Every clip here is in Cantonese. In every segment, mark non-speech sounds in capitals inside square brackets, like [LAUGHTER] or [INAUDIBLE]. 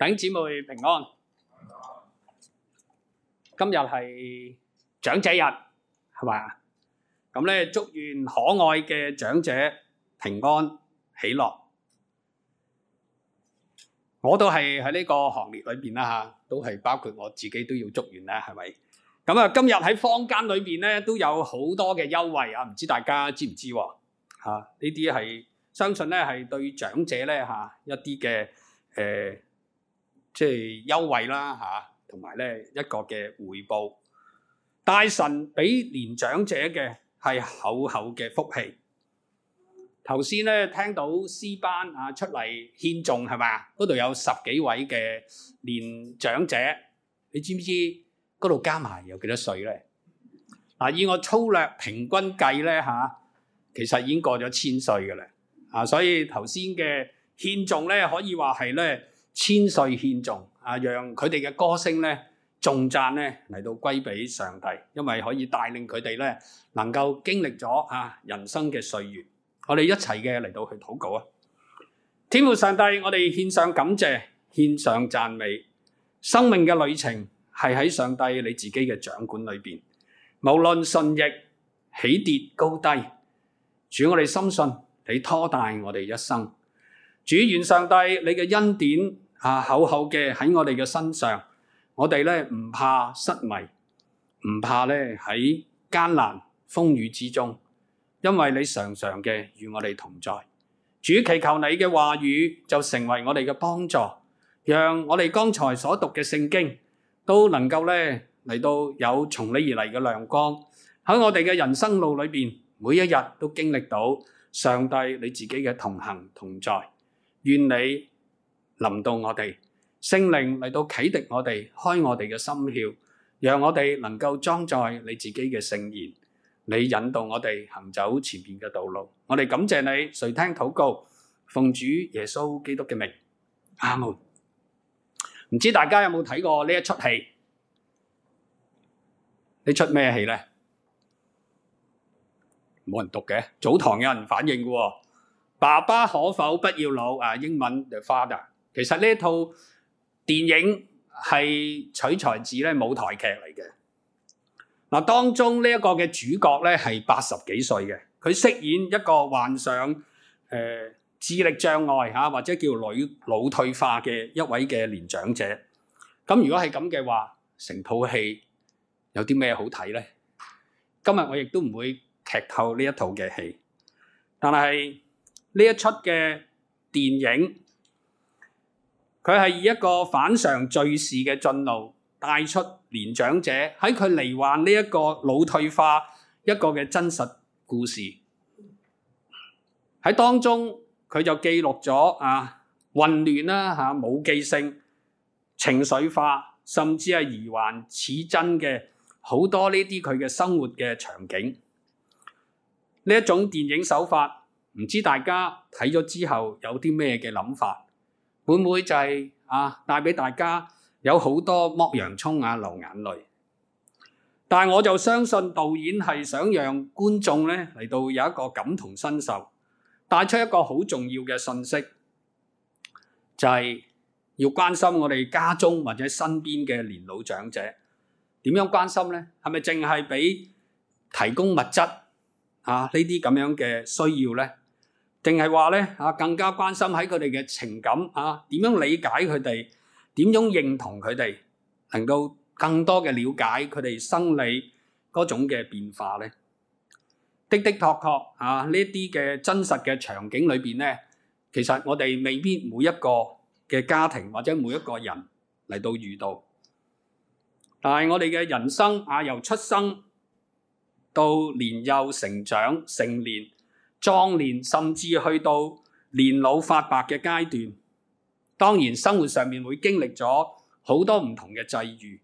等姐妹平安，今日係長者日，係咪？咁咧，祝願可愛嘅長者平安喜樂。我都係喺呢個行列裏邊啦，吓都係包括我自己都要祝願啦，係咪？咁啊，今日喺坊間裏邊咧，都有好多嘅優惠啊！唔知大家知唔知？吓呢啲係相信咧，係對長者咧吓一啲嘅誒。呃即係優惠啦嚇，同埋咧一個嘅回報。大神俾年長者嘅係厚厚嘅福氣。頭先咧聽到詩班啊出嚟獻頌係嘛？嗰度有十幾位嘅年長者，你知唔知嗰度加埋有幾多歲咧？嗱、啊，以我粗略平均計咧嚇，其實已經過咗千歲㗎喇。啊，所以頭先嘅獻頌咧，可以話係咧。千歲獻頌，啊，讓佢哋嘅歌聲咧，頌讚咧嚟到歸俾上帝，因為可以帶領佢哋咧，能夠經歷咗啊人生嘅歲月。我哋一齊嘅嚟到去禱告啊！天父上帝，我哋獻上感謝，獻上讚美。生命嘅旅程係喺上帝你自己嘅掌管裏邊，無論順逆、起跌、高低，主我哋深信你拖帶我哋一生。主願上帝你嘅恩典。啊！厚厚嘅喺我哋嘅身上，我哋咧唔怕失迷，唔怕咧喺艱難風雨之中，因為你常常嘅與我哋同在。主祈求你嘅話語就成為我哋嘅幫助，讓我哋剛才所讀嘅聖經都能夠咧嚟到有從你而嚟嘅亮光喺我哋嘅人生路裏邊，每一日都經歷到上帝你自己嘅同行同在。願你。臨到我哋，聖靈嚟到啟迪我哋，開我哋嘅心竅，讓我哋能夠裝載你自己嘅聖言，你引導我哋行走前面嘅道路。我哋感謝你，垂聽禱告，奉主耶穌基督嘅名，阿門。唔知大家有冇睇過呢一出戲？呢出咩戲咧？冇人讀嘅，早堂有人反應嘅，爸爸可否不要老？啊，英文就 father。其實呢一套電影係取材自咧舞台劇嚟嘅。嗱，當中呢一個嘅主角咧係八十幾歲嘅，佢飾演一個患上誒智力障礙嚇，或者叫腦退化嘅一位嘅年長者。咁如果係咁嘅話，成套戲有啲咩好睇咧？今日我亦都唔會劇透呢一套嘅戲，但係呢一出嘅電影。佢係以一個反常敘事嘅進路，帶出年長者喺佢罹患呢一個腦退化一個嘅真實故事。喺當中佢就記錄咗啊混亂啦嚇，冇、啊、記性、情緒化，甚至係疑幻似真嘅好多呢啲佢嘅生活嘅場景。呢一種電影手法，唔知大家睇咗之後有啲咩嘅諗法？會唔會就係啊，帶畀大家有好多剝洋葱啊，流眼淚？但係我就相信導演係想讓觀眾咧嚟到有一個感同身受，帶出一個好重要嘅信息，就係要關心我哋家中或者身邊嘅年老長者。點樣關心咧？係咪淨係畀提供物質啊，呢啲咁樣嘅需要咧？定係話咧，啊，更加關心喺佢哋嘅情感啊，點樣理解佢哋，點樣認同佢哋，能夠更多嘅瞭解佢哋生理嗰種嘅變化咧。的的確確啊，呢一啲嘅真實嘅場景裏邊咧，其實我哋未必每一個嘅家庭或者每一個人嚟到遇到，但係我哋嘅人生啊，由出生到年幼成長成年，壯年甚至去到年老髮白嘅階段，當然生活上面會經歷咗好多唔同嘅際遇，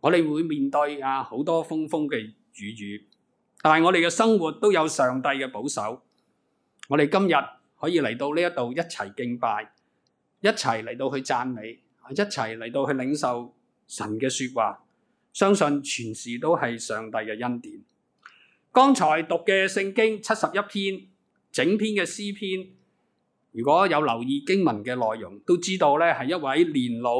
我哋會面對啊好多風風嘅雨雨，但係我哋嘅生活都有上帝嘅保守，我哋今日可以嚟到呢一度一齊敬拜，一齊嚟到去讚美，一齊嚟到去領受神嘅說話，相信全事都係上帝嘅恩典。剛才讀嘅聖經七十一篇整篇嘅詩篇，如果有留意經文嘅內容，都知道呢係一位年老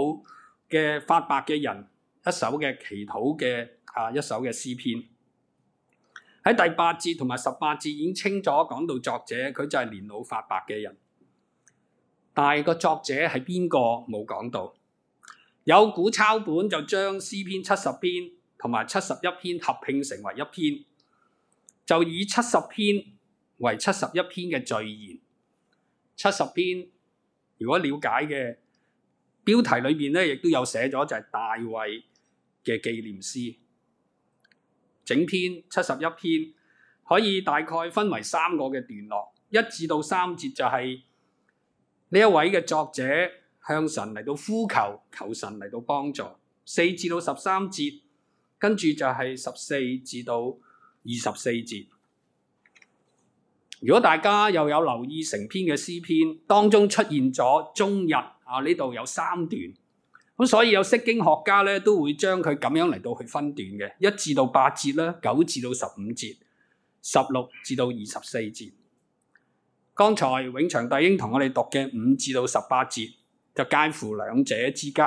嘅髮白嘅人，一首嘅祈禱嘅啊一首嘅詩篇。喺第八節同埋十八節已經清楚講到作者，佢就係年老髮白嘅人。但係個作者係邊個冇講到。有古抄本就將詩篇七十篇同埋七十一篇合併成為一篇。就以七十篇為七十一篇嘅序言，七十篇如果了解嘅標題裏邊咧，亦都有寫咗就係大衛嘅紀念詩。整篇七十一篇可以大概分為三個嘅段落，一至到三節就係呢一位嘅作者向神嚟到呼求，求，求神嚟到幫助。四至到十三節，跟住就係十四至到。二十四節，如果大家又有留意成篇嘅詩篇，當中出現咗終日啊，呢度有三段，咁所以有釋經學家咧都會將佢咁樣嚟到去分段嘅，一至到八節啦，九至到十五節，十六至到二十四節。剛才永長弟兄同我哋讀嘅五至到十八節，就介乎兩者之間。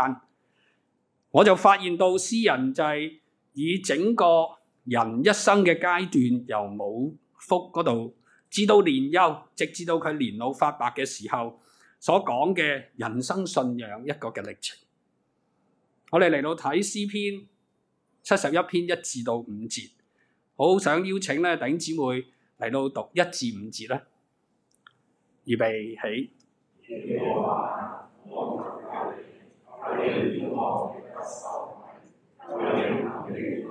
我就發現到詩人就係以整個人一生嘅階段，由母腹嗰度，至到年幼，直至到佢年老發白嘅時候，所講嘅人生信仰一個嘅歷程。我哋嚟到睇詩篇七十一篇一至到五節，好，好想邀請呢啲弟兄姊妹嚟到讀一至五節咧，預備起。 [NOISE]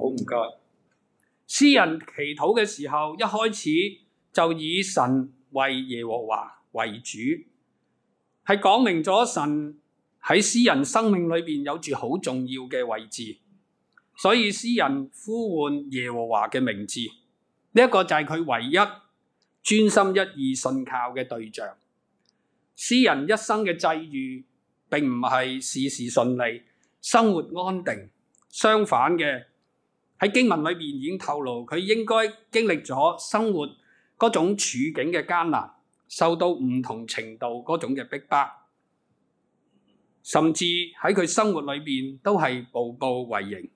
好唔該，詩人祈禱嘅時候一開始就以神為耶和華為主，係講明咗神喺詩人生命裏邊有住好重要嘅位置。所以，詩人呼喚耶和華嘅名字呢一、這個就係佢唯一專心一意信靠嘅對象。詩人一生嘅際遇並唔係事事順利、生活安定，相反嘅。喺經文裏面已經透露，佢應該經歷咗生活嗰種處境嘅艱難，受到唔同程度嗰種嘅逼迫，甚至喺佢生活裏邊都係步步為營。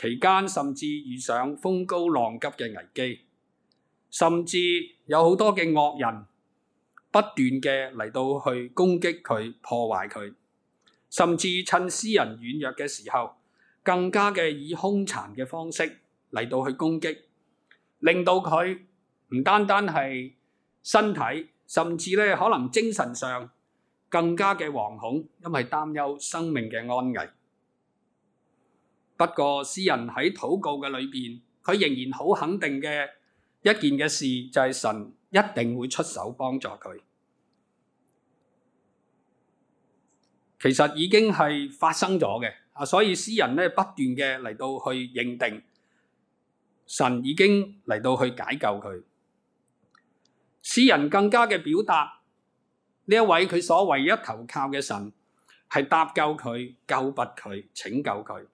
期間甚至遇上風高浪急嘅危機，甚至有好多嘅惡人不斷嘅嚟到去攻擊佢、破壞佢，甚至趁私人軟弱嘅時候。更加嘅以兇殘嘅方式嚟到去攻擊，令到佢唔單單係身體，甚至咧可能精神上更加嘅惶恐，因為擔憂生命嘅安危。不過，詩人喺禱告嘅裏邊，佢仍然好肯定嘅一件嘅事就係神一定會出手幫助佢。其實已經係發生咗嘅。啊！所以詩人咧不斷嘅嚟到去認定神已經嚟到去解救佢，詩人更加嘅表達呢一位佢所唯一投靠嘅神係搭救佢、救拔佢、拯救佢，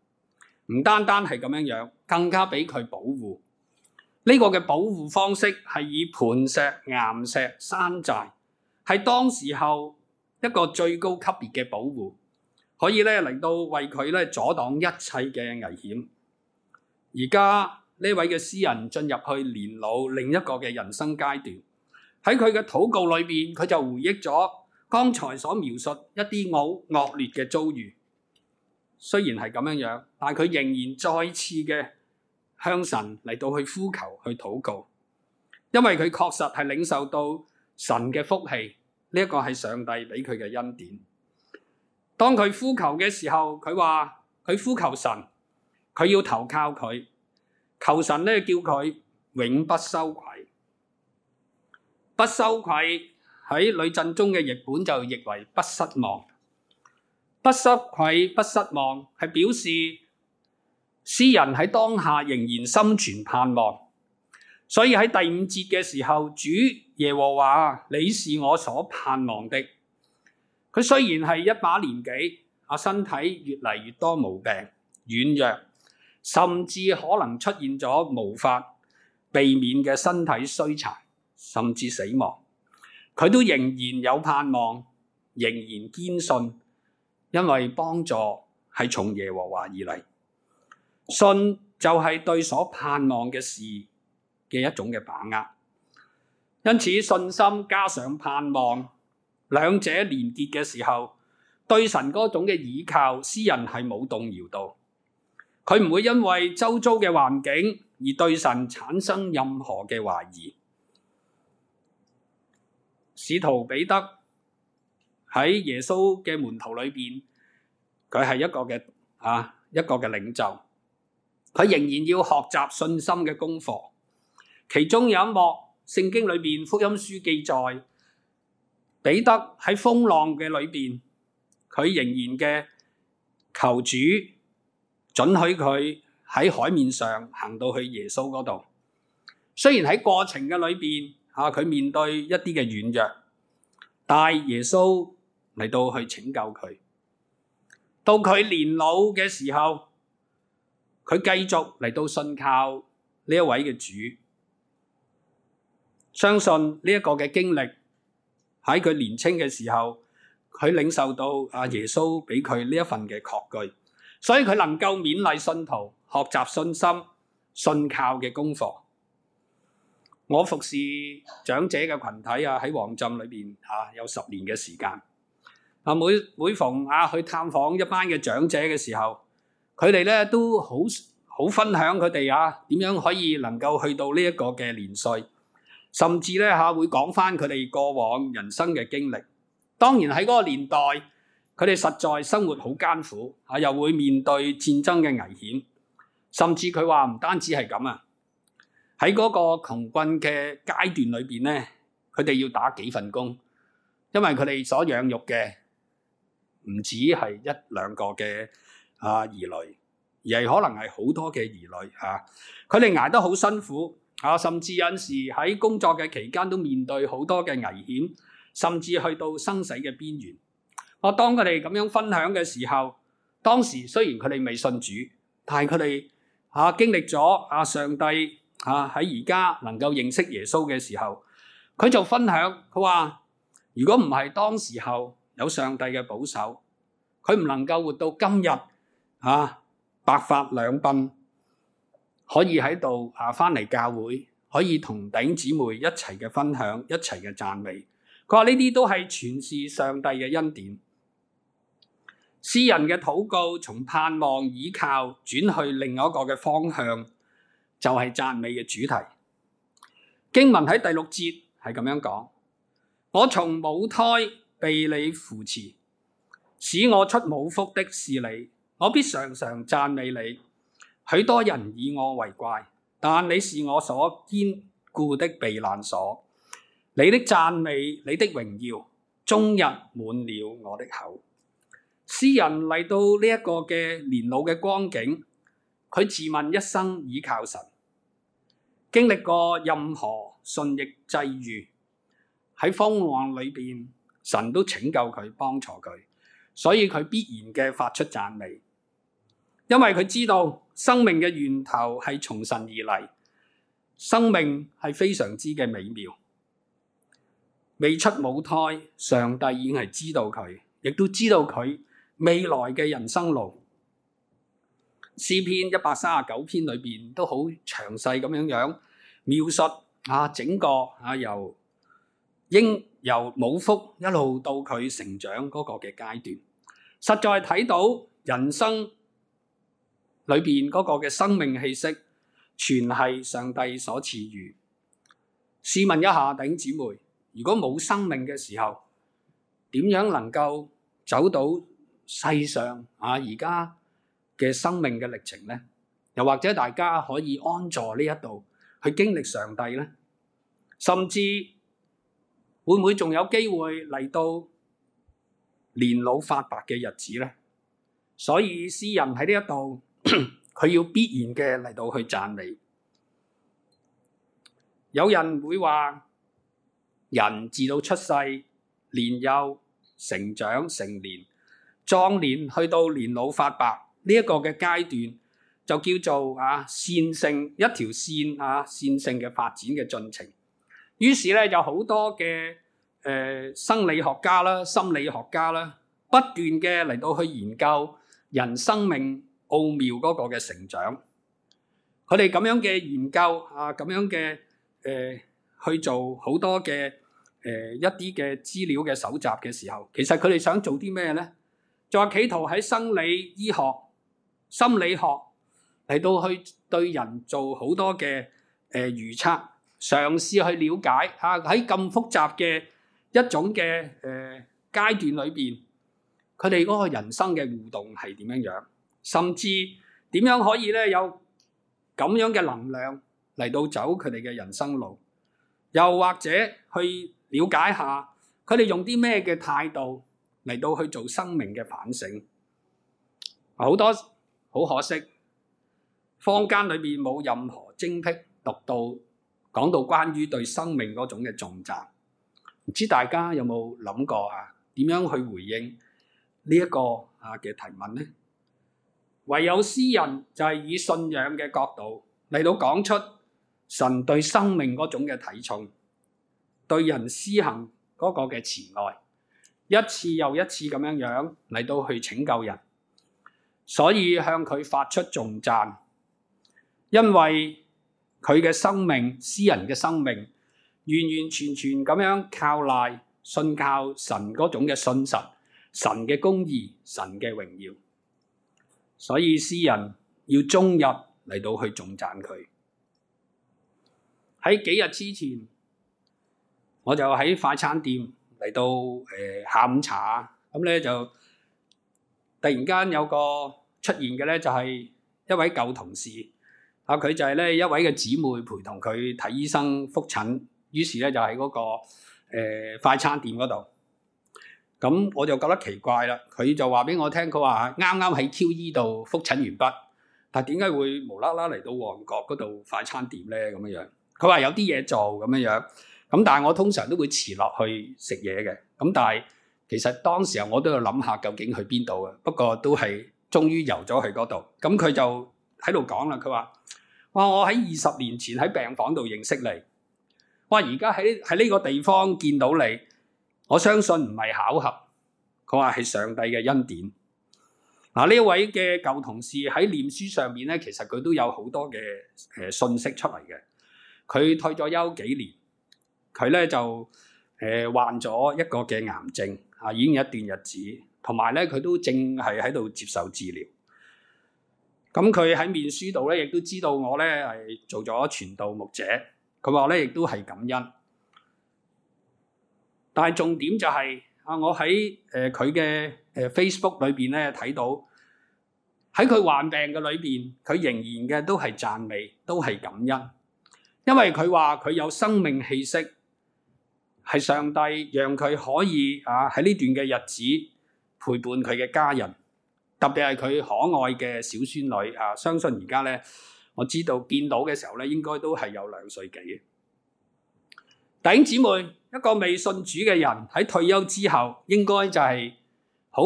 唔單單係咁樣樣，更加俾佢保護。呢、這個嘅保護方式係以磐石、岩石、山寨，係當時候一個最高級別嘅保護。可以咧嚟到為佢咧阻擋一切嘅危險。而家呢位嘅詩人進入去年老另一個嘅人生階段，喺佢嘅禱告裏邊，佢就回憶咗剛才所描述一啲好惡劣嘅遭遇。雖然係咁樣樣，但佢仍然再次嘅向神嚟到去呼求去禱告，因為佢確實係領受到神嘅福氣，呢一個係上帝俾佢嘅恩典。當佢呼求嘅時候，佢話佢呼求神，佢要投靠佢，求神咧叫佢永不羞愧，不羞愧喺呂振中嘅譯本就譯為不失望，不失愧不失望係表示詩人喺當下仍然心存盼望，所以喺第五節嘅時候，主耶和華，你是我所盼望的。佢雖然係一把年紀，阿身體越嚟越多毛病，軟弱，甚至可能出現咗無法避免嘅身體衰殘，甚至死亡。佢都仍然有盼望，仍然堅信，因為幫助係從耶和華而嚟。信就係對所盼望嘅事嘅一種嘅把握，因此信心加上盼望。兩者連結嘅時候，對神嗰種嘅倚靠，詩人係冇動搖到，佢唔會因為周遭嘅環境而對神產生任何嘅懷疑。使徒彼得喺耶穌嘅門徒裏邊，佢係一個嘅啊一個嘅領袖，佢仍然要學習信心嘅功課。其中有一幕聖經裏邊福音書記載。彼得喺風浪嘅裏邊，佢仍然嘅求主准許佢喺海面上行到去耶穌嗰度。雖然喺過程嘅裏邊，吓佢面對一啲嘅軟弱，但耶穌嚟到去拯救佢。到佢年老嘅時候，佢繼續嚟到信靠呢一位嘅主。相信呢一個嘅經歷。喺佢年青嘅時候，佢領受到阿耶穌俾佢呢一份嘅確據，所以佢能夠勉勵信徒學習信心、信靠嘅功課。我服侍長者嘅群體啊，喺旺浸裏邊啊有十年嘅時間。啊，每每逢啊去探訪一班嘅長者嘅時候，佢哋咧都好好分享佢哋啊點樣可以能夠去到呢一個嘅年歲。甚至咧嚇會講返佢哋過往人生嘅經歷。當然喺嗰個年代，佢哋實在生活好艱苦嚇，又會面對戰爭嘅危險。甚至佢話唔單止係咁啊！喺嗰個窮困嘅階段裏邊咧，佢哋要打幾份工，因為佢哋所養育嘅唔止係一兩個嘅啊兒女，而係可能係好多嘅兒女嚇。佢哋捱得好辛苦。啊，甚至有時喺工作嘅期間都面對好多嘅危險，甚至去到生死嘅邊緣。我、啊、當佢哋咁樣分享嘅時候，當時雖然佢哋未信主，但係佢哋啊經歷咗啊上帝啊喺而家能夠認識耶穌嘅時候，佢就分享佢話：如果唔係當時候有上帝嘅保守，佢唔能夠活到今日啊、啊、白髮兩鬢。可以喺度啊！返嚟教會，可以同頂姊妹一齊嘅分享，一齊嘅讚美。佢話呢啲都係全是上帝嘅恩典。詩人嘅禱告從盼望倚靠轉去另外一個嘅方向，就係、是、讚美嘅主題。經文喺第六節係咁樣講：我從母胎被你扶持，使我出母腹的是你，我必常常讚美你。許多人以我為怪，但你是我所堅固的避難所。你的讚美，你的榮耀，終日滿了我的口。詩人嚟到呢一個嘅年老嘅光景，佢自問一生倚靠神，經歷過任何順逆際遇，喺荒涼裏邊，神都拯救佢，幫助佢，所以佢必然嘅發出讚美，因為佢知道。生命嘅源頭係從神而嚟，生命係非常之嘅美妙。未出母胎，上帝已經係知道佢，亦都知道佢未來嘅人生路。詩篇一百三十九篇裏邊都好詳細咁樣樣描述啊整個啊由嬰由母腹一路到佢成長嗰個嘅階段，實在睇到人生。裏邊嗰個嘅生命氣息，全係上帝所賜予。試問一下弟兄姊妹，如果冇生命嘅時候，點樣能夠走到世上啊？而家嘅生命嘅歷程呢？又或者大家可以安坐呢一度去經歷上帝呢？甚至會唔會仲有機會嚟到年老髮白嘅日子咧？所以詩人喺呢一度。佢要必然嘅嚟到去讚美。有人會話，人自到出世、年幼、成長、成年、壯年，去到年老髮白呢一個嘅階段，就叫做啊線性一條線啊線性嘅發展嘅進程。於是咧，有好多嘅誒、呃、生理學家啦、心理學家啦，不斷嘅嚟到去研究人生命。奧妙嗰個嘅成長，佢哋咁樣嘅研究啊，咁樣嘅誒去做好多嘅誒一啲嘅資料嘅搜集嘅時候，其實佢哋想做啲咩咧？就係企圖喺生理、醫學、心理學嚟到去對人做好多嘅誒預測，嘗試去了解吓喺咁複雜嘅一種嘅誒階段裏邊，佢哋嗰個人生嘅互動係點樣樣？甚至點樣可以咧有咁樣嘅能量嚟到走佢哋嘅人生路，又或者去了解下佢哋用啲咩嘅態度嚟到去做生命嘅反省。好多好可惜，坊間裏面冇任何精辟讀到講到關於對生命嗰種嘅重責，唔知大家有冇諗過啊？點樣去回應呢一個啊嘅提問咧？唯有詩人就係以信仰嘅角度嚟到講出神對生命嗰種嘅睇重，對人施行嗰個嘅慈愛，一次又一次咁樣樣嚟到去拯救人，所以向佢發出頌讚。因為佢嘅生命，詩人嘅生命，完完全全咁樣靠賴信靠神嗰種嘅信實，神嘅公義，神嘅榮耀。所以詩人要終日嚟到去仲讚佢。喺幾日之前，我就喺快餐店嚟到誒、呃、下午茶咁咧、嗯、就突然間有個出現嘅咧，就係、是、一位舊同事啊，佢就係咧一位嘅姊妹陪同佢睇醫生復診。於是咧就喺嗰、那個、呃、快餐店嗰度。咁我就覺得奇怪啦，佢就話俾我聽，佢話啱啱喺 Q.E. 度復診完畢，但點解會無啦啦嚟到旺角嗰度快餐店咧？咁樣樣，佢話有啲嘢做咁樣樣。咁但係我通常都會遲落去食嘢嘅。咁但係其實當時候我都諗下究竟去邊度嘅，不過都係終於遊咗去嗰度。咁佢就喺度講啦，佢話：哇！我喺二十年前喺病房度認識你，哇！而家喺喺呢個地方見到你。我相信唔係巧合，佢話係上帝嘅恩典。嗱呢一位嘅舊同事喺面書上面咧，其實佢都有好多嘅誒、呃、信息出嚟嘅。佢退咗休幾年，佢咧就誒、呃、患咗一個嘅癌症啊，已經一段日子，同埋咧佢都正係喺度接受治療。咁佢喺面書度咧，亦都知道我咧係做咗傳道牧者，佢話咧亦都係感恩。但係重點就係啊，我喺誒佢嘅誒 Facebook 裏邊咧睇到喺佢患病嘅裏邊，佢仍然嘅都係讚美，都係感恩，因為佢話佢有生命氣息，係上帝讓佢可以啊喺呢段嘅日子陪伴佢嘅家人，特別係佢可愛嘅小孫女啊，相信而家咧我知道見到嘅時候咧，應該都係有兩歲幾嘅。弟兄姊妹，一個未信主嘅人喺退休之後，應該就係好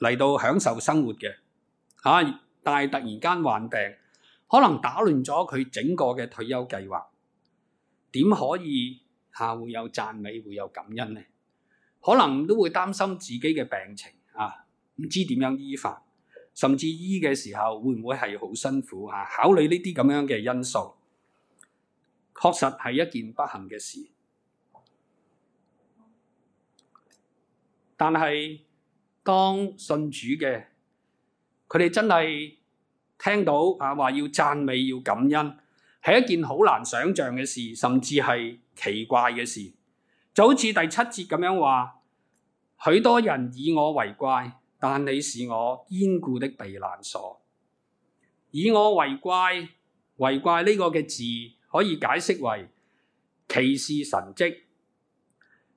嚟到享受生活嘅嚇、啊。但係突然間患病，可能打亂咗佢整個嘅退休計劃。點可以嚇、啊、會有讚美，會有感恩呢？可能都會擔心自己嘅病情啊，唔知點樣醫法，甚至醫嘅時候會唔會係好辛苦嚇、啊？考慮呢啲咁樣嘅因素。確實係一件不幸嘅事，但係當信主嘅佢哋真係聽到啊話要讚美、要感恩，係一件好難想像嘅事，甚至係奇怪嘅事。就好似第七節咁樣話，許多人以我為怪，但你是我堅固的避難所。以我為怪，為怪呢個嘅字。可以解釋為奇事神蹟，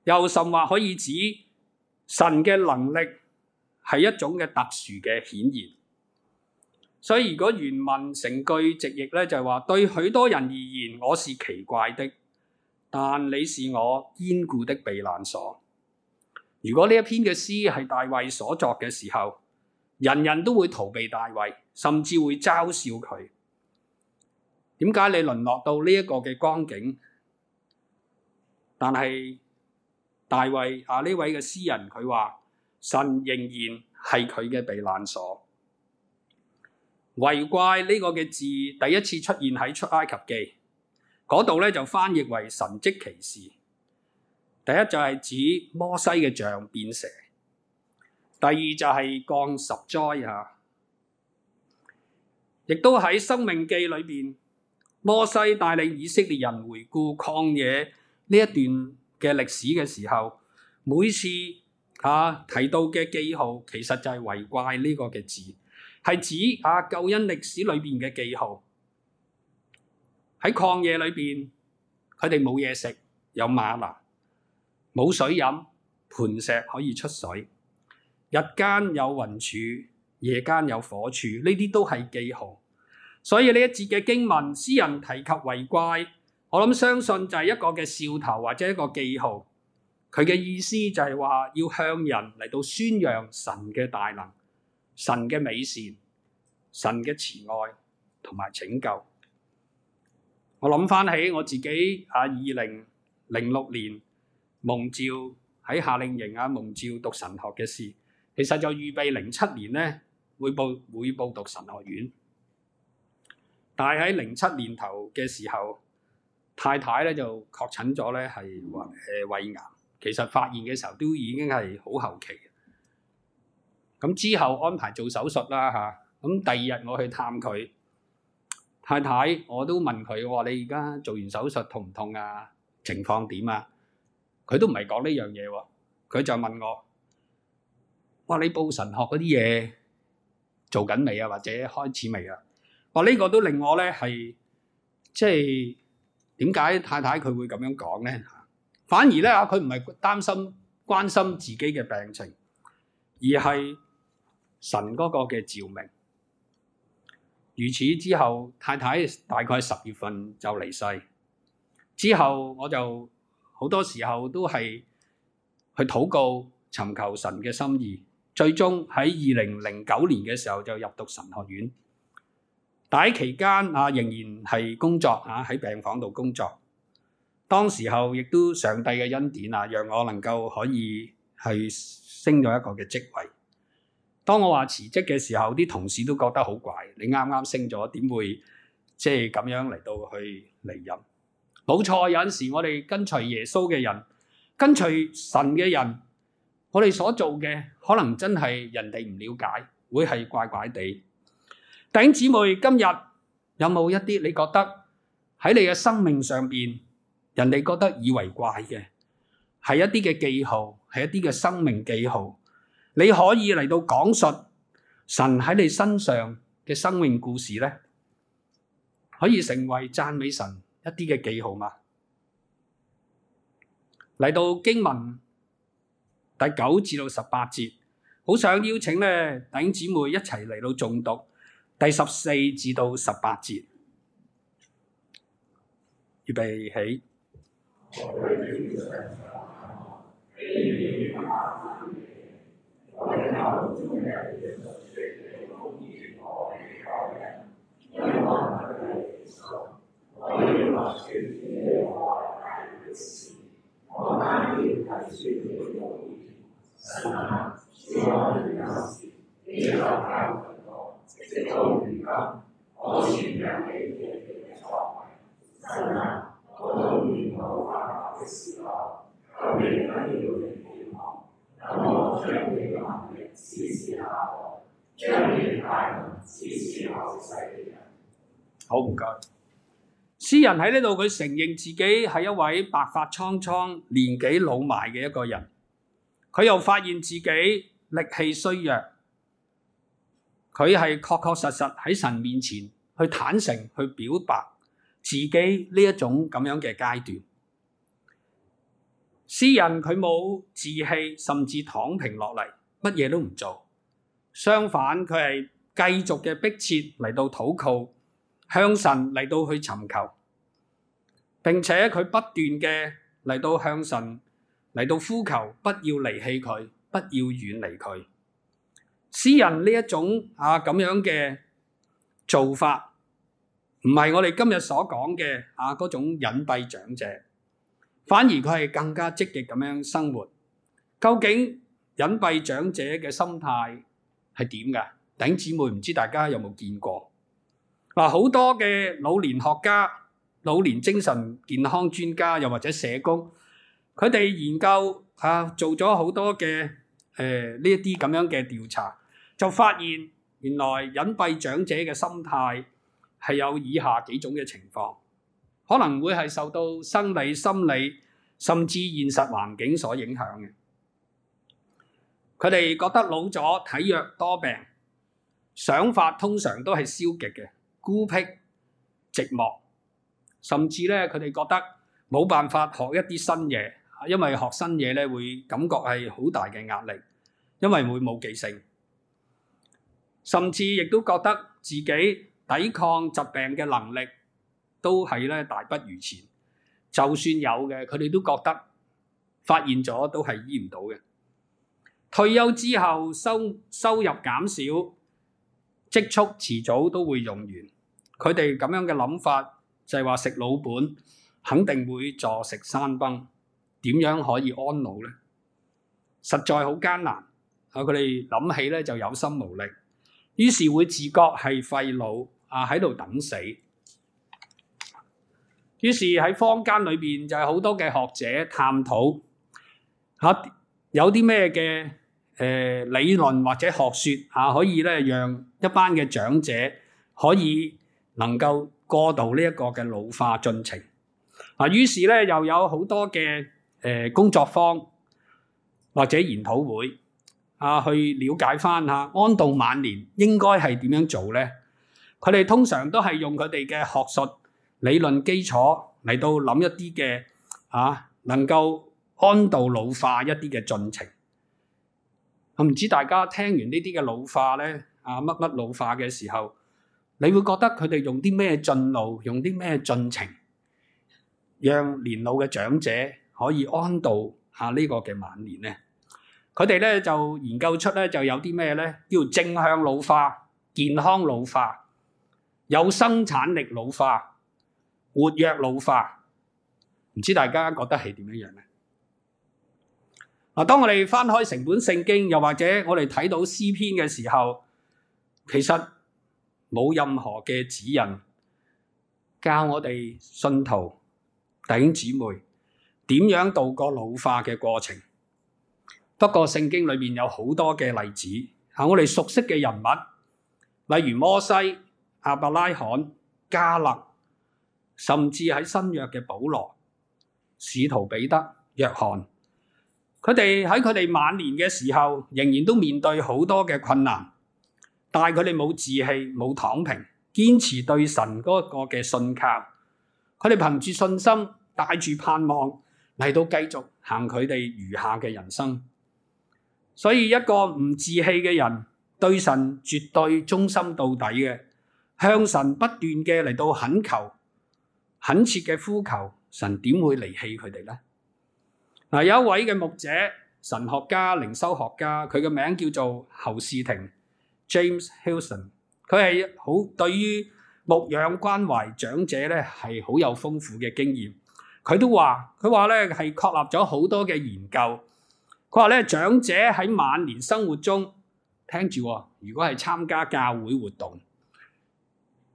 又甚或可以指神嘅能力係一種嘅特殊嘅顯現。所以如果原文成句直譯咧，就係話對許多人而言，我是奇怪的，但你是我堅固的避難所。如果呢一篇嘅詩係大衛所作嘅時候，人人都會逃避大衛，甚至會嘲笑佢。點解你淪落到呢一個嘅光景？但係大衛啊，呢位嘅詩人佢話神仍然係佢嘅避難所。為怪呢、這個嘅字第一次出現喺出埃及記嗰度咧，就翻譯為神蹟奇事。第一就係指摩西嘅杖變蛇，第二就係降十災吓。亦都喺申命記裏邊。摩西帶領以色列人回顧曠野呢一段嘅歷史嘅時候，每次啊提到嘅記、啊、記號，其實就係為怪呢個嘅字，係指啊救恩歷史裏邊嘅記號。喺曠野裏邊，佢哋冇嘢食，有嗎哪，冇水飲，磐石可以出水，日間有雲柱，夜間有火柱，呢啲都係記號。所以呢一節嘅經文，詩人提及為怪，我諗相信就係一個嘅兆頭或者一個記號。佢嘅意思就係話要向人嚟到宣揚神嘅大能、神嘅美善、神嘅慈愛同埋拯救。我諗翻起我自己啊，二零零六年蒙召喺夏令營，啊蒙召讀神學嘅事，其實就預備零七年咧會報會報讀神學院。但係喺零七年頭嘅時候，太太咧就確診咗咧係誒胃癌。其實發現嘅時候都已經係好後期。咁之後安排做手術啦嚇。咁、啊、第二日我去探佢太太我，我都問佢：我話你而家做完手術痛唔痛啊？情況點啊？佢都唔係講呢樣嘢喎。佢就問我：哇！你報神學嗰啲嘢做緊未啊？或者開始未啊？呢個都令我咧係即係點解太太佢會咁樣講咧？反而咧佢唔係擔心關心自己嘅病情，而係神嗰個嘅照明。如此之後，太太大概十月份就離世。之後我就好多時候都係去禱告、尋求神嘅心意。最終喺二零零九年嘅時候就入讀神學院。但喺期間啊，仍然係工作啊，喺病房度工作。當時候亦都上帝嘅恩典啊，讓我能夠可以係升咗一個嘅職位。當我話辭職嘅時候，啲同事都覺得好怪。你啱啱升咗，點會即係咁樣嚟到去離任？冇錯，有陣時我哋跟隨耶穌嘅人，跟隨神嘅人，我哋所做嘅可能真係人哋唔了解，會係怪怪地。頂姊妹，今日有冇一啲你覺得喺你嘅生命上邊，人哋覺得以為怪嘅，係一啲嘅記號，係一啲嘅生命記號？你可以嚟到講述神喺你身上嘅生命故事咧，可以成為讚美神一啲嘅記號嘛？嚟到經文第九至到十八節，好想邀請咧，頂姊妹一齊嚟到誦讀。第十四至到十八節，預備起。 [NOISE] 好，唔該。詩人喺呢度，佢承認自己係一位白髮蒼蒼、年紀老邁嘅一個人，佢又發現自己力氣衰弱。佢係確確實實喺神面前去坦誠去表白自己呢一種咁樣嘅階段。詩人佢冇志氣，甚至躺平落嚟，乜嘢都唔做。相反，佢係繼續嘅迫切嚟到禱告，向神嚟到去尋求，並且佢不斷嘅嚟到向神嚟到呼求，不要離棄佢，不要遠離佢。私人呢一種啊咁樣嘅做法，唔係我哋今日所講嘅啊嗰種隱蔽長者，反而佢係更加積極咁樣生活。究竟隱蔽長者嘅心態係點㗎？頂姊妹唔知大家有冇見過嗱？好多嘅老年學家、老年精神健康專家又或者社工，佢哋研究啊做咗好多嘅。誒呢一啲咁樣嘅調查，就發現原來隱蔽長者嘅心態係有以下幾種嘅情況，可能會係受到生理、心理甚至現實環境所影響嘅。佢哋覺得老咗、體弱多病，想法通常都係消極嘅、孤僻、寂寞，甚至咧佢哋覺得冇辦法學一啲新嘢，因為學新嘢咧會感覺係好大嘅壓力。因為會冇記性，甚至亦都覺得自己抵抗疾病嘅能力都係咧大不如前。就算有嘅，佢哋都覺得發現咗都係醫唔到嘅。退休之後收收入減少，積蓄遲早都會用完。佢哋咁樣嘅諗法就係話食老本，肯定會坐食山崩。點樣可以安老咧？實在好艱難。啊！佢哋諗起咧，就有心無力，於是會自覺係廢老啊，喺度等死。於是喺坊間裏邊就係好多嘅學者探討嚇有啲咩嘅，誒理論或者學説啊，可以咧讓一班嘅長者可以能夠過渡呢一個嘅老化進程啊。於是咧又有好多嘅誒工作坊或者研討會。啊，去了解翻下安度晚年應該係點樣做咧？佢哋通常都係用佢哋嘅學術理論基礎嚟到諗一啲嘅啊能夠安度老化一啲嘅進程。啊，唔知大家聽完呢啲嘅老化咧，啊乜乜老化嘅時候，你會覺得佢哋用啲咩進路，用啲咩進程，讓年老嘅長者可以安度下呢個嘅晚年咧？佢哋咧就研究出咧就有啲咩咧，叫正向老化、健康老化、有生產力老化、活躍老化。唔知大家覺得係點樣樣咧？嗱、啊，當我哋翻開成本聖經，又或者我哋睇到詩篇嘅時候，其實冇任何嘅指引教我哋信徒弟兄姊妹點樣度過老化嘅過程。不過聖經裏面有好多嘅例子，係我哋熟悉嘅人物，例如摩西、亞伯拉罕、迦勒，甚至喺新約嘅保羅、使徒彼得、約翰，佢哋喺佢哋晚年嘅時候，仍然都面對好多嘅困難，但係佢哋冇志氣，冇躺平，堅持對神嗰個嘅信靠，佢哋憑住信心，帶住盼望嚟到繼續行佢哋餘下嘅人生。所以一個唔自棄嘅人，對神絕對忠心到底嘅，向神不斷嘅嚟到懇求、懇切嘅呼求，神點會離棄佢哋呢、啊？有一位嘅牧者、神學家、靈修學家，佢嘅名叫做侯士庭 James Houston，佢係好對於牧養關懷長者咧，係好有豐富嘅經驗。佢都話，佢話咧係確立咗好多嘅研究。佢話咧，長者喺晚年生活中，聽住，如果係參加教會活動，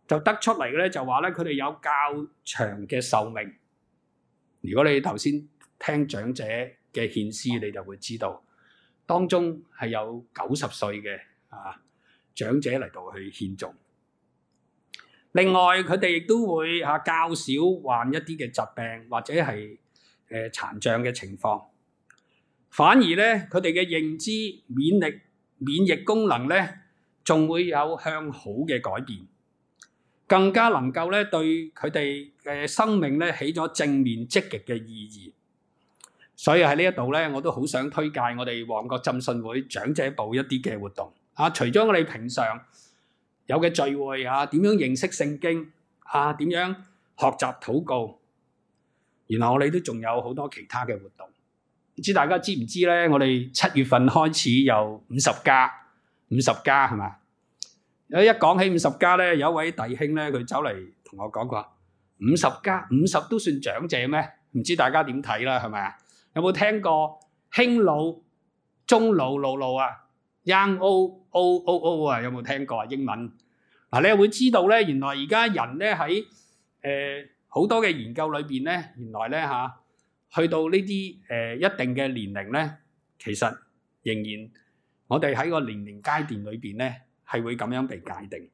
就得出嚟嘅咧，就話咧，佢哋有較長嘅壽命。如果你頭先聽長者嘅獻詩，你就會知道，當中係有九十歲嘅啊長者嚟到去獻眾。另外，佢哋亦都會啊較少患一啲嘅疾病或者係誒殘障嘅情況。反而咧，佢哋嘅認知、免疫力、免疫功能咧，仲會有向好嘅改變，更加能夠咧對佢哋嘅生命咧起咗正面積極嘅意義。所以喺呢一度咧，我都好想推介我哋旺角浸信會長者部一啲嘅活動。啊，除咗我哋平常有嘅聚會啊，點樣認識聖經啊，點樣學習禱告，然後我哋都仲有好多其他嘅活動。唔知大家知唔知咧？我哋七月份開始有五十加，五十加係嘛？誒一講起五十加咧，有一位弟兄咧，佢走嚟同我講，過五十加五十都算長者咩？唔知大家點睇啦？係咪啊？有冇聽過輕老中老老老啊？Young old old old 啊？有冇聽過啊？英文嗱，你會知道咧，原來而家人咧喺誒好多嘅研究裏邊咧，原來咧嚇。去到呢啲誒一定嘅年齡咧，其實仍然我哋喺個年齡階段裏邊咧，係會咁樣被界定。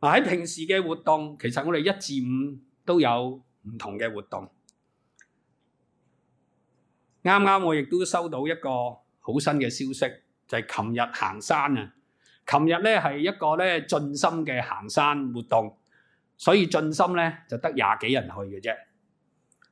嗱，喺平時嘅活動，其實我哋一至五都有唔同嘅活動。啱啱我亦都收到一個好新嘅消息，就係琴日行山啊。琴日咧係一個咧盡心嘅行山活動，所以盡心咧就得廿幾人去嘅啫。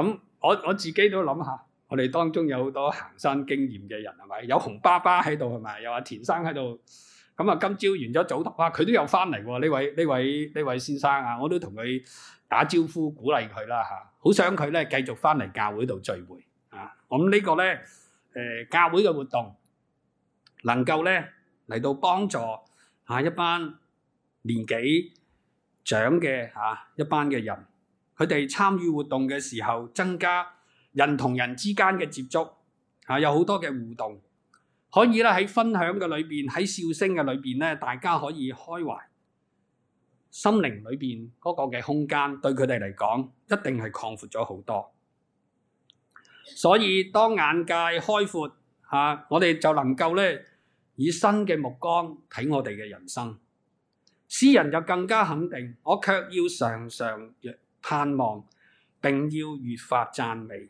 咁我我自己都諗下，我哋當中有好多行山經驗嘅人係咪？有洪爸爸喺度係咪？有阿田生喺度，咁啊今朝完咗早讀啊，佢都有翻嚟喎，呢位呢位呢位先生啊，我都同佢打招呼鼓勵佢啦吓，好、啊、想佢咧繼續翻嚟教會度聚會啊！咁、啊這個、呢個咧誒教會嘅活動，能夠咧嚟到幫助下、啊、一班年紀長嘅吓、啊、一班嘅人。佢哋參與活動嘅時候，增加人同人之間嘅接觸，嚇、啊、有好多嘅互動，可以咧喺分享嘅裏邊，喺笑聲嘅裏邊咧，大家可以開懷，心靈裏邊嗰個嘅空間對佢哋嚟講一定係擴闊咗好多。所以當眼界開闊嚇、啊，我哋就能夠咧以新嘅目光睇我哋嘅人生。詩人就更加肯定，我卻要常常盼望，並要越發讚美，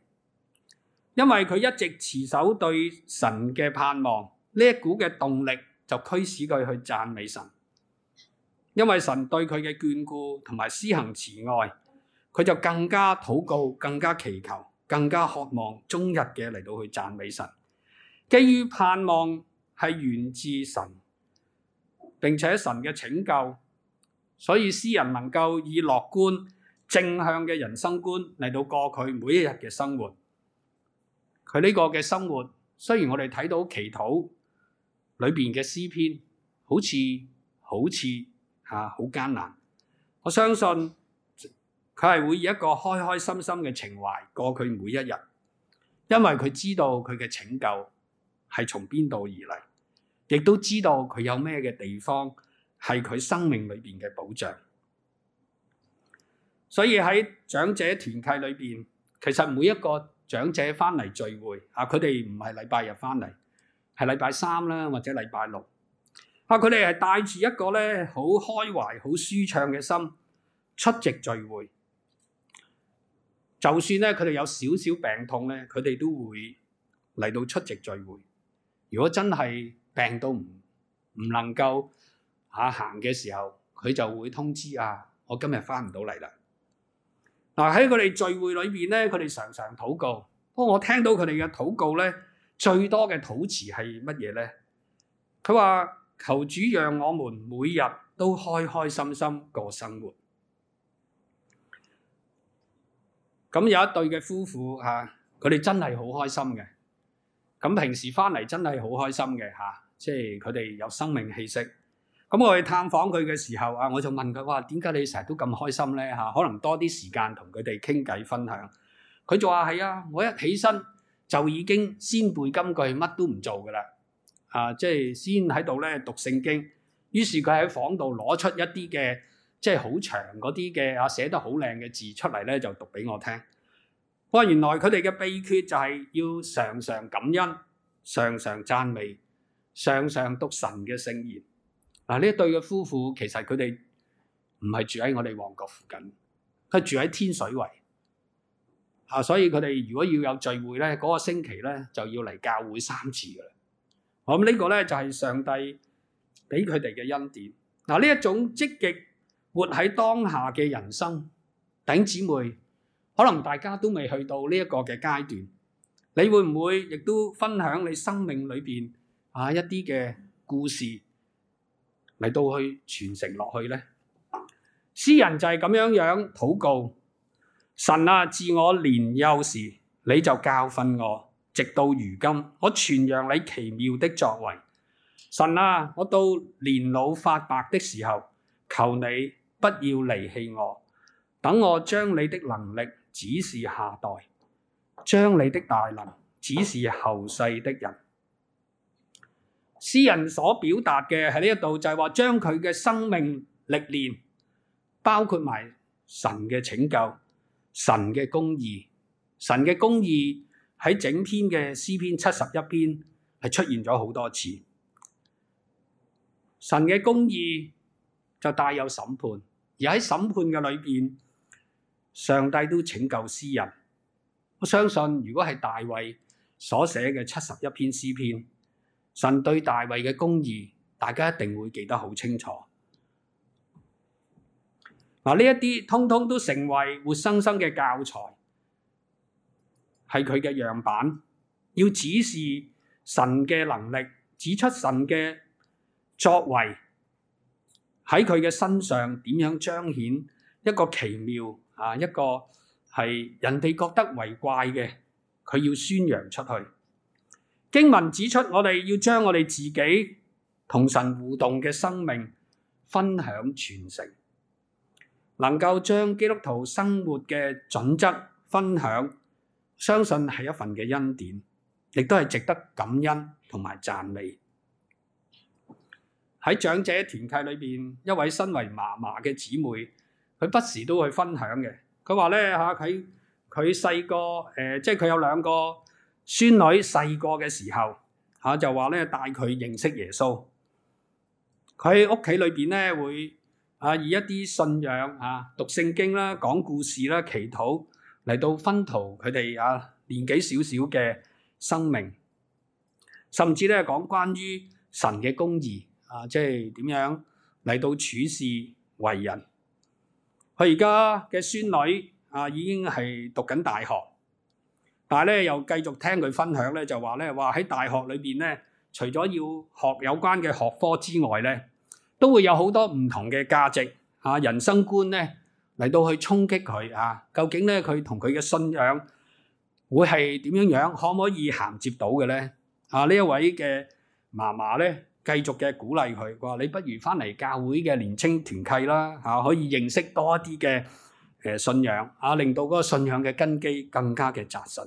因為佢一直持守對神嘅盼望，呢一股嘅動力就驅使佢去讚美神。因為神對佢嘅眷顧同埋施行慈愛，佢就更加禱告，更加祈求，更加渴望，終日嘅嚟到去讚美神。基於盼望係源自神，並且神嘅拯救，所以詩人能夠以樂觀正向嘅人生觀嚟，到過佢每一日嘅生活，佢呢個嘅生活雖然我哋睇到祈禱裏邊嘅詩篇好似好似吓好艱難，我相信佢係會以一個開開心心嘅情懷過佢每一日，因為佢知道佢嘅拯救係從邊度而嚟，亦都知道佢有咩嘅地方係佢生命裏邊嘅保障。所以喺長者團契裏邊，其實每一個長者翻嚟聚會，啊，佢哋唔係禮拜日翻嚟，係禮拜三啦或者禮拜六，啊，佢哋係帶住一個咧好開懷、好舒暢嘅心出席聚會。就算咧佢哋有少少病痛咧，佢哋都會嚟到出席聚會。如果真係病到唔唔能夠嚇，啊，行嘅時候，佢就會通知啊，我今日翻唔到嚟啦。喺佢哋聚會裏邊咧，佢哋常常禱告。不過我聽到佢哋嘅禱告咧，最多嘅禱詞係乜嘢咧？佢話：求主讓我們每日都開開心心過生活。咁有一對嘅夫婦嚇，啊、佢哋真係好開心嘅。咁平時翻嚟真係好開心嘅嚇、啊，即係佢哋有生命氣息。咁我去探訪佢嘅時候啊，我就問佢，話，點解你成日都咁開心咧？嚇，可能多啲時間同佢哋傾偈分享。佢就話：係啊，我一起身就已經先背金句，乜都唔做噶啦。啊，即係先喺度咧讀聖經。於是佢喺房度攞出一啲嘅即係好長嗰啲嘅啊，寫得好靚嘅字出嚟咧，就讀俾我聽。我話原來佢哋嘅秘訣就係要常常感恩、常常讚美、常常讀神嘅聖言。嗱，呢一對嘅夫婦其實佢哋唔係住喺我哋旺角附近，佢住喺天水圍嚇、啊，所以佢哋如果要有聚會咧，嗰、那個星期咧就要嚟教會三次噶啦。咁、嗯這個、呢個咧就係、是、上帝俾佢哋嘅恩典。嗱、啊，呢一種積極活喺當下嘅人生，頂姊妹，可能大家都未去到呢一個嘅階段，你會唔會亦都分享你生命裏邊啊一啲嘅故事？你都去傳承落去呢。詩人就係咁樣樣禱告：神啊，自我年幼時，你就教訓我，直到如今，我傳揚你奇妙的作為。神啊，我到年老發白的時候，求你不要離棄我，等我將你的能力指示下代，將你的大能指示後世的人。詩人所表達嘅喺呢一度就係話，將佢嘅生命歷練，包括埋神嘅拯救、神嘅公義、神嘅公義喺整篇嘅詩篇七十一篇係出現咗好多次。神嘅公義就帶有審判，而喺審判嘅裏邊，上帝都拯救詩人。我相信，如果係大衛所寫嘅七十一篇詩篇。神對大衛嘅公義，大家一定會記得好清楚。嗱，啊，呢一啲通通都成為活生生嘅教材，係佢嘅樣板，要指示神嘅能力，指出神嘅作為喺佢嘅身上點樣彰顯一個奇妙啊！一個係人哋覺得為怪嘅，佢要宣揚出去。經文指出，我哋要將我哋自己同神互動嘅生命分享傳承，能夠將基督徒生活嘅準則分享，相信係一份嘅恩典，亦都係值得感恩同埋讚美。喺長者團契裏邊，一位身為嫲嫲嘅姊妹，佢不時都會分享嘅。佢話咧嚇，佢佢細個誒，即係佢有兩個。孫女細個嘅時候，嚇就話咧，帶佢認識耶穌。佢喺屋企裏邊咧會啊以一啲信仰嚇讀聖經啦、講故事啦、祈禱嚟到薰陶佢哋啊年紀少少嘅生命，甚至咧講關於神嘅公義啊，即係點樣嚟到處事為人。佢而家嘅孫女啊已經係讀緊大學。但係咧，又繼續聽佢分享咧，就話咧話喺大學裏邊咧，除咗要學有關嘅學科之外咧，都會有好多唔同嘅價值啊，人生觀咧嚟到去衝擊佢啊。究竟咧佢同佢嘅信仰會係點樣樣？可唔可以銜接到嘅咧？啊，呢一位嘅嫲嫲咧，繼續嘅鼓勵佢話：你不如翻嚟教會嘅年青團契啦，嚇可以認識多一啲嘅誒信仰啊，令到嗰個信仰嘅根基更加嘅扎實。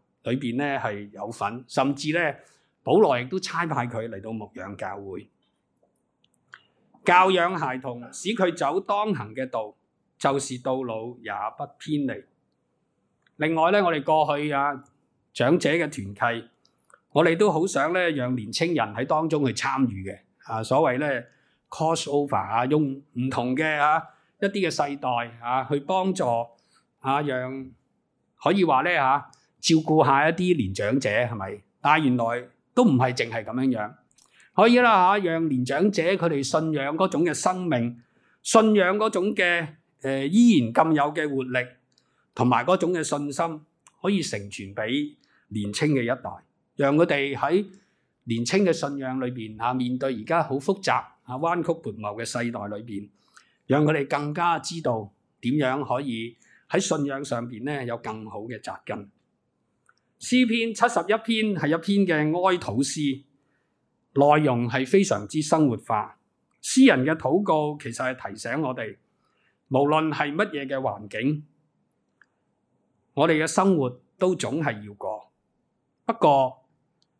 裏邊咧係有份，甚至咧保羅亦都差派佢嚟到牧養教會，教養孩童，使佢走當行嘅道，就是到老也不偏離。另外咧，我哋過去啊長者嘅團契，我哋都好想咧讓年青人喺當中去參與嘅，啊所謂咧 cross over 啊，用唔同嘅啊一啲嘅世代啊去幫助啊，讓可以話咧嚇。照顧一下一啲年長者係咪？但係原來都唔係淨係咁樣樣，可以啦嚇、啊，讓年長者佢哋信仰嗰種嘅生命、信仰嗰種嘅誒、呃、依然咁有嘅活力，同埋嗰種嘅信心，可以承傳俾年青嘅一代，讓佢哋喺年青嘅信仰裏邊嚇面對而家好複雜嚇彎、啊、曲悖謬嘅世代裏邊，讓佢哋更加知道點樣可以喺信仰上邊咧有更好嘅扎根。詩篇七十一篇係一篇嘅哀禱詩，內容係非常之生活化。詩人嘅禱告其實係提醒我哋，無論係乜嘢嘅環境，我哋嘅生活都總係要過。不過，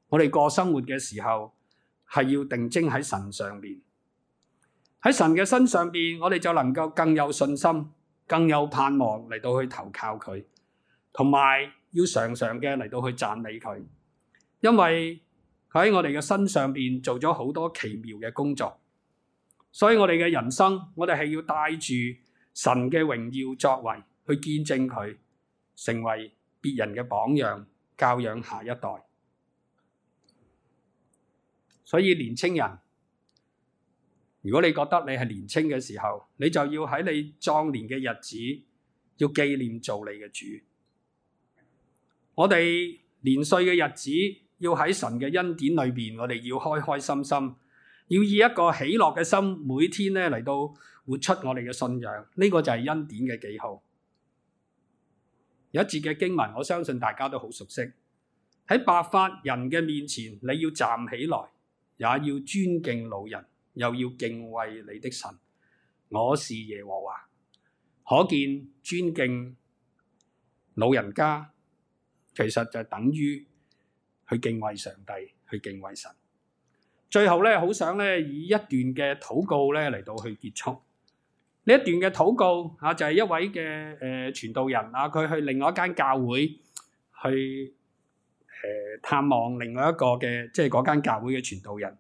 我哋過生活嘅時候係要定睛喺神上面。喺神嘅身上邊，我哋就能夠更有信心、更有盼望嚟到去投靠佢，同埋，要常常嘅嚟到去讚美佢，因為佢喺我哋嘅身上邊做咗好多奇妙嘅工作，所以我哋嘅人生，我哋係要帶住神嘅榮耀作為去見證佢，成為別人嘅榜樣，教養下一代。所以年青人，如果你覺得你係年青嘅時候，你就要喺你壯年嘅日子，要紀念做你嘅主。我哋年歲嘅日子，要喺神嘅恩典裏邊，我哋要開開心心，要以一個喜樂嘅心，每天咧嚟到活出我哋嘅信仰。呢個就係恩典嘅記號。有一節嘅經文，我相信大家都好熟悉。喺白髮人嘅面前，你要站起來，也要尊敬老人，又要敬畏你的神。我是耶和華。可見尊敬老人家。其實就等於去敬畏上帝，去敬畏神。最後咧，好想咧以一段嘅禱告咧嚟到去結束呢一段嘅禱告嚇、啊，就係、是、一位嘅誒傳道人啊，佢去另外一間教會去誒、呃、探望另外一個嘅即係嗰間教會嘅傳道人。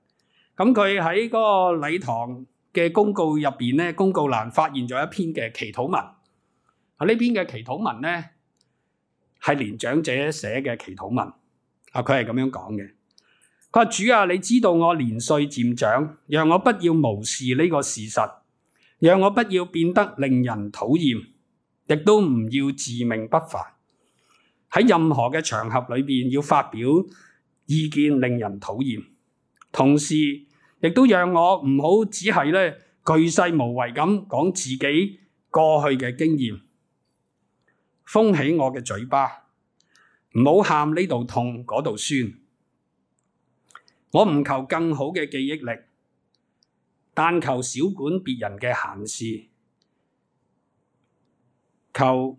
咁佢喺嗰個禮堂嘅公告入邊咧，公告欄發現咗一篇嘅祈禱文啊，篇文呢篇嘅祈禱文咧，係年長者寫嘅祈禱文，啊，佢係咁樣講嘅。佢話：主啊，你知道我年歲漸長，讓我不要無視呢個事實，讓我不要變得令人討厭，亦都唔要自命不凡。喺任何嘅場合裏邊，要發表意見令人討厭，同時亦都讓我唔好只係咧巨細無遺咁講自己過去嘅經驗。封起我嘅嘴巴，唔好喊呢度痛，嗰度酸。我唔求更好嘅記憶力，但求少管別人嘅閒事。求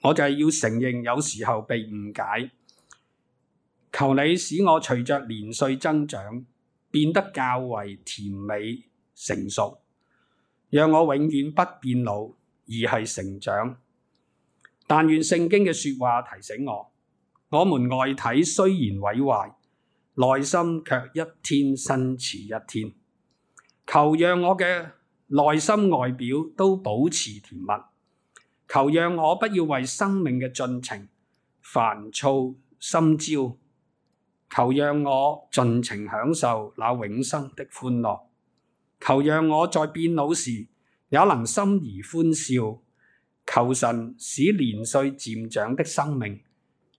我就係要承認有時候被誤解。求你使我隨着年歲增長，變得較為甜美成熟，讓我永遠不變老，而係成長。但願聖經嘅說話提醒我，我們外體雖然毀壞，內心却一天新似一天。求讓我嘅內心外表都保持甜蜜。求讓我不要為生命嘅進程煩躁心焦。求讓我盡情享受那永生的歡樂。求讓我在變老時也能心而歡笑。求神使年歲漸長的生命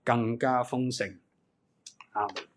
更加豐盛，阿門。